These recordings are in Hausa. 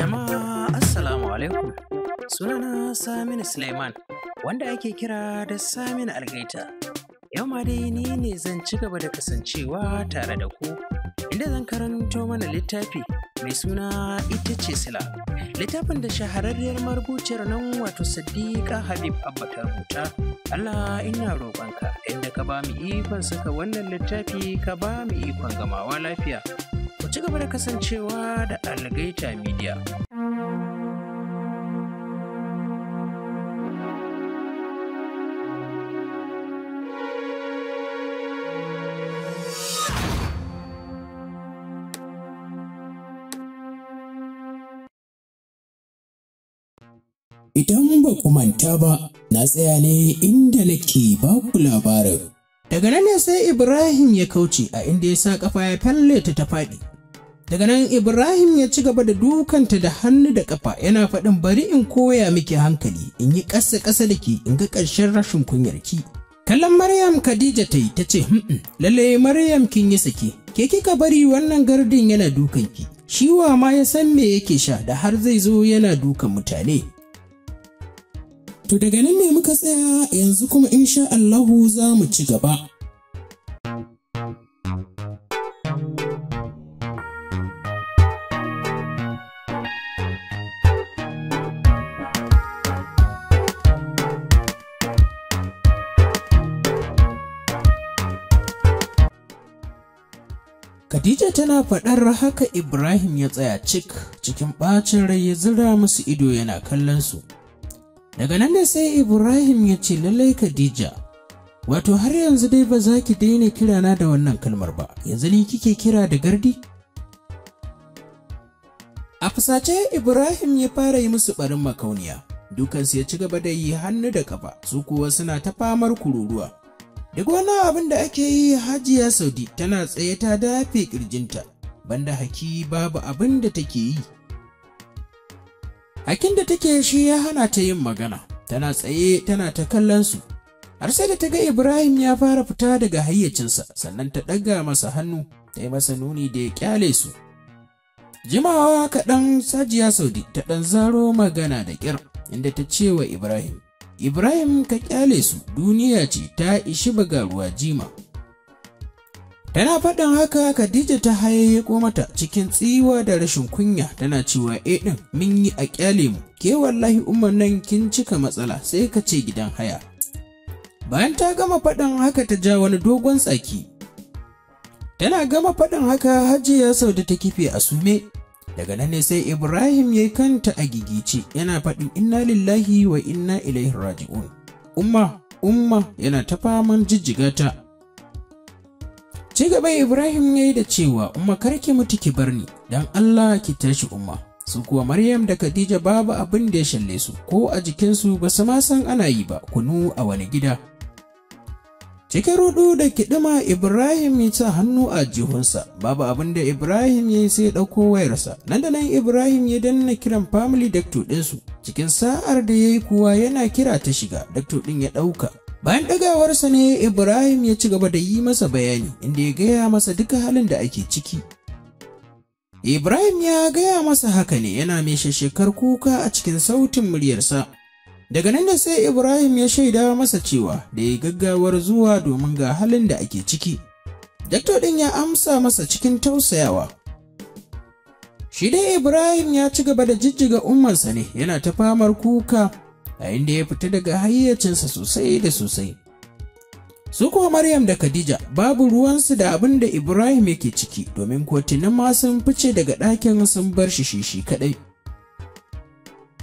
Jama'a Assalamu alaikum. Sunana Saminu Suleiman, wanda ake kira da Saminu Algaita. Yau ma dai ni ne zan ci gaba da kasancewa tare da ku, inda zan karanto mana littafi mai suna ita ce sila. Littafin da shahararriyar marubuciyar nan wato Sadiqa Habib Abba ta rubuta, Allah ina roƙonka, inda ka ba mu ikon saka wannan littafi ka ba mu ikon gamawa lafiya. ci gaba da kasancewa da algaita media Idan ba ku manta ba, na tsaya ne inda nake ba ku labarin. Daga nan ne sai Ibrahim ya kauce a inda ya sa kafa ya falle ta faɗi. daga nan ibrahim ya ci gaba da dukanta da hannu da kafa yana faɗin bari in koya miki hankali in yi ƙasa ƙasa da ke in ga ƙarshen rashin kunyarki kallon maryam khadija ta yi ta ce hmm, lalle maryam kin yi sake ke kika bari wannan gardin yana dukan dukanki shiwa ma ya san me yake sha da har zai zo yana dukan mutane to daga nan ne muka tsaya yanzu kuma insha Allahu za mu ci gaba Khadija tana faɗar haka Ibrahim ya tsaya cik cikin ɓacin rai ya zira musu ido yana kallon su. Daga nan ne sai Ibrahim ya ce lallai Khadija, wato har yanzu dai ba za ki daina kirana da wannan kalmar ba, yanzu ni kike kira da gardi? A fusace Ibrahim ya fara yi musu barin makauniya, dukansu ya ci gaba da yi hannu da kafa, su kuwa suna ta famar kururuwa. Duk wani abin da ake yi Hajiya Saudi tana tsaye ta dafe ƙirjinta, banda haki babu abin da take yi. Hakin da take shi ya hana ta yin magana, tana tsaye tana ta kallon su. Har sai da ta ga Ibrahim ya fara fita daga hayyacinsa, sannan ta ɗaga masa hannu, ta yi masa nuni da ya ƙyale su. Jimawa kaɗan Hajiya Saudi ta ɗan zaro magana da ƙyar, inda ta ce wa Ibrahim, Ibrahim ka kyale su duniya ce ta ishi bagaruwa jima. Tana faɗin haka Khadija ta hayayyako mata cikin tsiwa da rashin kunya tana cewa eh din mun yi a kyale mu ke wallahi umman nan kin cika matsala sai ka ce gidan haya. Bayan ta gama faɗin haka ta ja wani dogon tsaki. Tana gama faɗin haka Hajiya da ta kife a sume daga nan ne sai ibrahim ya kanta a gigice yana faɗin inna lillahi wa inna ilaihi raji'un umma umma yana ta faman jijjigata ci gaba ibrahim ya yi da cewa umma karki mutu ki bar ni don allah ki tashi umma su kuwa maryam da khadija babu abin da ya shalle su ko a jikinsu ba su ma san ana yi ba kunu a wani gida cikin rudu da kiɗima ibrahim ya sa hannu a jihunsa babu abin da ibrahim ya yi sai ɗauko wayarsa nan da nan ibrahim ya danna kiran family doctor ɗinsu cikin sa'ar da ya yi kuwa yana kira ta shiga doctor ɗin ya ɗauka bayan ɗagawarsa ne ibrahim ya ci gaba da yi masa bayani inda ya gaya masa duka halin da ake ciki ibrahim ya gaya masa haka ne yana mai shekar kuka a cikin sautin muryarsa daga nan da sai ibrahim ya shaida masa cewa da ya gaggawar zuwa domin ga halin da ake ciki dakto ɗin ya amsa masa cikin tausayawa shi dai ibrahim ya ci gaba da jijjiga ummarsa ne yana ta famar kuka yayin da ya fita daga hayyacinsa sosai da sosai su kuma maryam da khadija babu ruwansu da abin da ibrahim yake ciki domin kotunan ma sun fice daga ɗakin sun bar shi shi kaɗai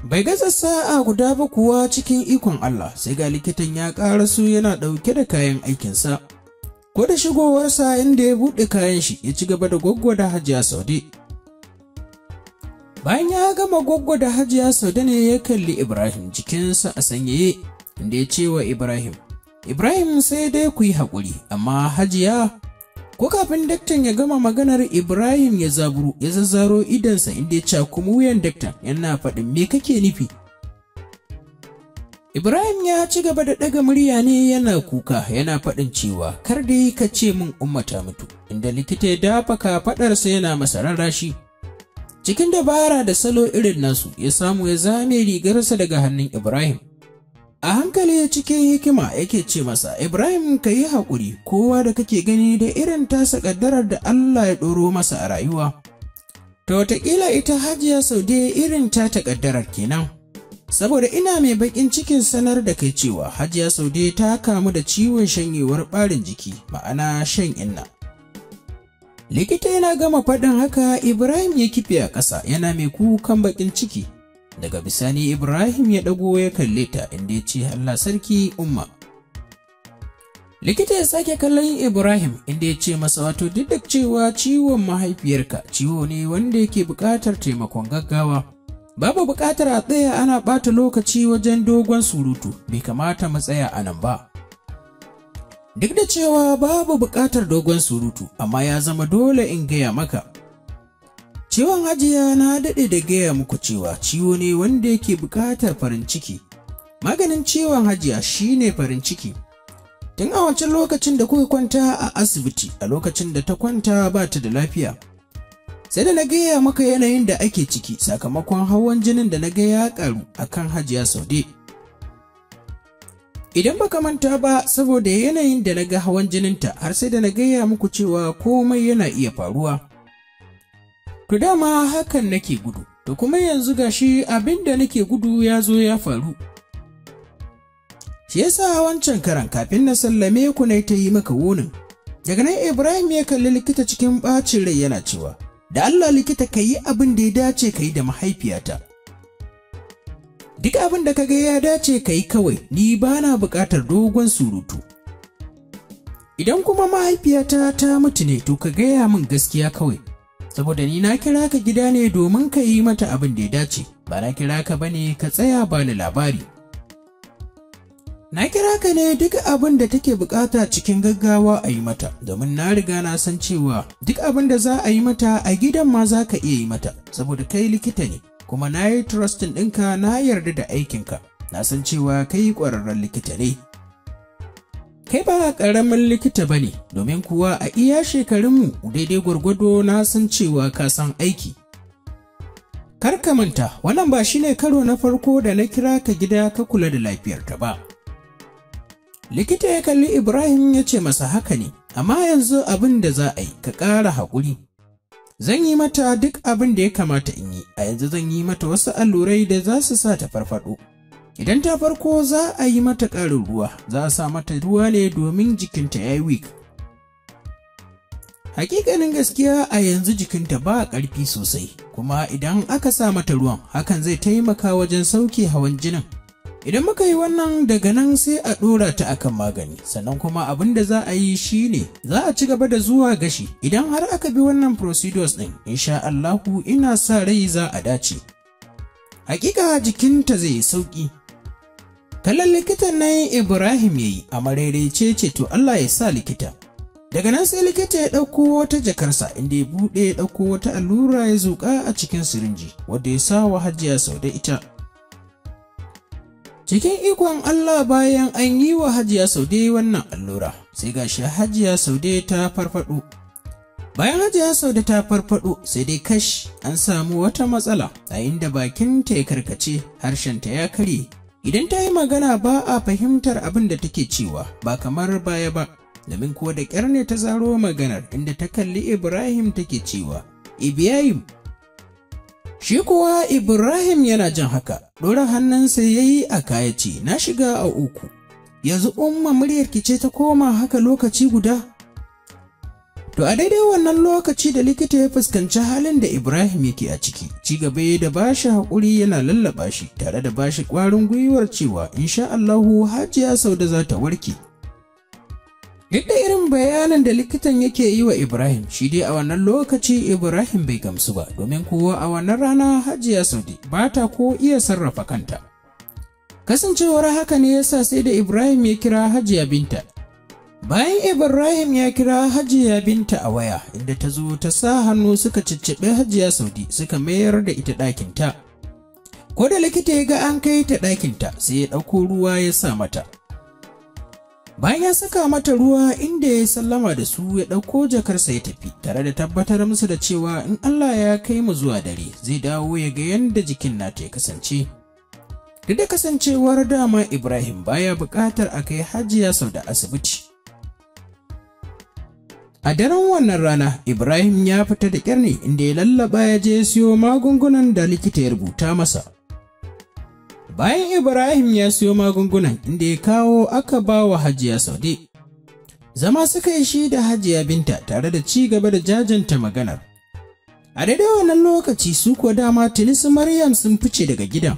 bai gasa sa'a guda ba kuwa cikin ikon Allah sai ga likitan ya ƙara su yana ɗauke da kayan aikinsa. Ko da shigowarsa inda ya buɗe kayan shi ya ci gaba da gwaggwada hajiya Saudi. Bayan ya gama gwaggwada hajiya Saudi ne ya kalli Ibrahim jikinsa a sanyaye inda ya ce wa Ibrahim, Ibrahim sai dai ku yi haƙuri amma hajiya ko kafin daktan ya gama maganar ibrahim ya zaburu ya zazzaro idansa inda ya kuma wuyan daktan yana faɗin me kake nufi ibrahim ya ci gaba da ɗaga murya ne yana kuka yana faɗin cewa kar da ka ce min ummata mutu inda likita ya dafa kafaɗarsa yana masa rarrashi cikin dabara da salo irin nasu ya samu ya zame rigarsa daga hannun ibrahim a hankali cikin hikima yake ce masa ibrahim ka yi haƙuri kowa da kake gani da irin tasa ƙaddarar da allah ya ɗoro masa a rayuwa ta wataƙila ita hajiya sau dai irin ta ƙaddarar kenan saboda ina mai baƙin cikin sanar da kai cewa hajiya sau dai ta kamu da ciwon shanyewar ɓarin jiki ma'ana shan inna likita yana gama faɗin haka ibrahim ya kife a ƙasa yana mai kukan baƙin ciki daga bisani ibrahim ya ɗago ya kalle ta inda ya ce allah sarki umma likita ya sake kallon ibrahim inda ya ce masa wato duk cewa ciwon mahaifiyarka ciwo ne wanda yake buƙatar taimakon gaggawa babu buƙatar a tsaya ana ɓata lokaci wajen dogon surutu bai kamata mu tsaya a nan ba Duk da cewa babu buƙatar dogon surutu, amma ya zama dole in gaya maka, Ciwon hajiya na daɗe da gaya muku cewa ciwo ne wanda yake buƙatar farin ciki. Maganin ciwon hajiya shine farin ciki. Tun a wancan lokacin da kuka kwanta a asibiti a lokacin da ta kwanta ba ta da lafiya. Sai da na gaya maka yanayin da ake ciki sakamakon hawan jinin da na ga ya ƙaru a kan hajiya Saude. Idan baka manta ba saboda yanayin da na ga hawan jininta har sai da na gaya muku cewa komai yana iya faruwa. To dama hakan nake gudu, to kuma yanzu gashi abin da nake gudu ya zo ya faru. Shi yasa wancan karan kafin na sallame ku na ta yi maka wonin. Daga nan Ibrahim ya kalli likita cikin ɓacin rai yana cewa, da Allah likita ka yi abin da ya dace ka yi da mahaifiyata. Duk abin da ga ya dace ka yi kawai, ni ba na buƙatar dogon surutu. Idan kuma mahaifiyata ta mutu ne to ka gaya min gaskiya kawai, saboda ni na kira ka gida ne domin ka yi mata abin da ya dace ba na kira ka ba ne ka tsaya ba ni labari na kira ka ne duk abin da take bukata cikin gaggawa a yi mata domin na riga na san cewa duk abin da za a yi mata a gidan ma za ka iya yi mata saboda kai likita ne kuma na yi trustin ɗinka na yarda da aikinka na san cewa kai ƙwararren likita ne kai ba ƙaramin likita ba ne domin kuwa a iya shekarunmu daidai gwargwado na san cewa ka san aiki kar ka manta wannan ba shi ne karo na farko da na kira ka gida ka kula da lafiyarta ba likita ya kalli ibrahim ya ce masa haka ne amma yanzu abin da za a yi ka ƙara haƙuri zan yi mata duk abin da ya kamata in yi a yanzu zan yi mata wasu allurai da za su sa ta farfaɗo idan ta farko za a yi mata ƙarin ruwa za a sa mata ruwa ne domin jikinta ya yi weak hakikanin gaskiya a yanzu jikinta ba ƙarfi sosai kuma idan aka sa mata ruwan hakan zai taimaka wajen sauke hawan jinin idan muka yi wannan daga nan sai a ɗora ta akan magani sannan kuma abin da za a yi shi ne, za a ci gaba da zuwa gashi idan har aka bi wannan procedures ɗin insha Allahu ina sa rai za a dace hakika jikinta zai sauki Kallon likitan nan Ibrahim ya yi a marairaice ce to Allah ya sa likita. Daga nan sai likita ya ɗauko wata jakarsa inda ya buɗe ya ɗauko wata allura ya zuƙa a cikin sirinji wadda ya sa wa hajiya sau da ita. Cikin ikon Allah bayan an yi wa Hajiya Saude wannan allura, sai gashi Hajiya Saude ta farfaɗo. Bayan Hajiya Saude ta farfaɗo, sai dai kash an samu wata matsala a inda bakinta ya karkace, harshenta ya karye, idan ta yi magana ba a fahimtar abin da take cewa ba kamar baya ba domin ko da kyar ne ta zaro maganar inda ta kalli ibrahim take cewa ibiyayim shi kuwa ibrahim yana jin haka ɗora hannunsa ya yi a kaya na shiga a uku yanzu umma muryarki ce ta koma haka lokaci guda To a daidai wannan lokaci da likita ya fuskanci halin da Ibrahim yake a ciki, ci gaba da bashi haƙuri yana lallaba shi tare da bashi ƙwarin gwiwar cewa insha Allahu Hajiya da za ta warke. Duk da irin bayanan da likitan yake yi wa Ibrahim, shi dai a wannan lokaci Ibrahim bai gamsu ba, domin kowa a wannan rana Hajiya Saude ba ta ko iya sarrafa kanta. Kasancewar haka ne yasa sai da Ibrahim ya kira Hajiya Binta Bayan Ibrahim ya kira Hajiya Binta a waya inda ta zo ta sa hannu suka cicciɓe Hajiya Saudi suka mayar da ita ɗakinta. Ko da likita ya ga an kai ta ɗakinta sai ya ɗauko ruwa ya sa mata. Bayan ya saka mata ruwa inda ya sallama da su ya ɗauko jakarsa ya tafi tare da tabbatar musu da cewa in Allah ya kai mu zuwa dare zai dawo ya ga yadda jikin na ta ya kasance. Duk da kasancewar dama Ibrahim baya buƙatar a kai Hajiya Saudi asibiti. A daren wannan rana, Ibrahim ya fita da ƙirni inda ya lallaba ya je siyo magungunan da likita ya rubuta masa. Bayan Ibrahim ya siyo magungunan inda ya kawo aka ba wa Hajiya Saude. Zama suka yi shi da Hajiya Binta tare da ci gaba da jajanta maganar. A daidai wannan lokaci su kuwa dama tuni Maryam sun fice daga gidan.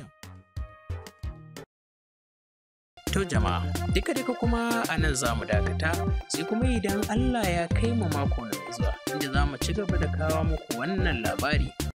To jama'a, duka duka kuma a nan za mu dakata sai kuma idan Allah ya kai mu mako na zuwa inda za mu ci gaba da kawo muku wannan labari.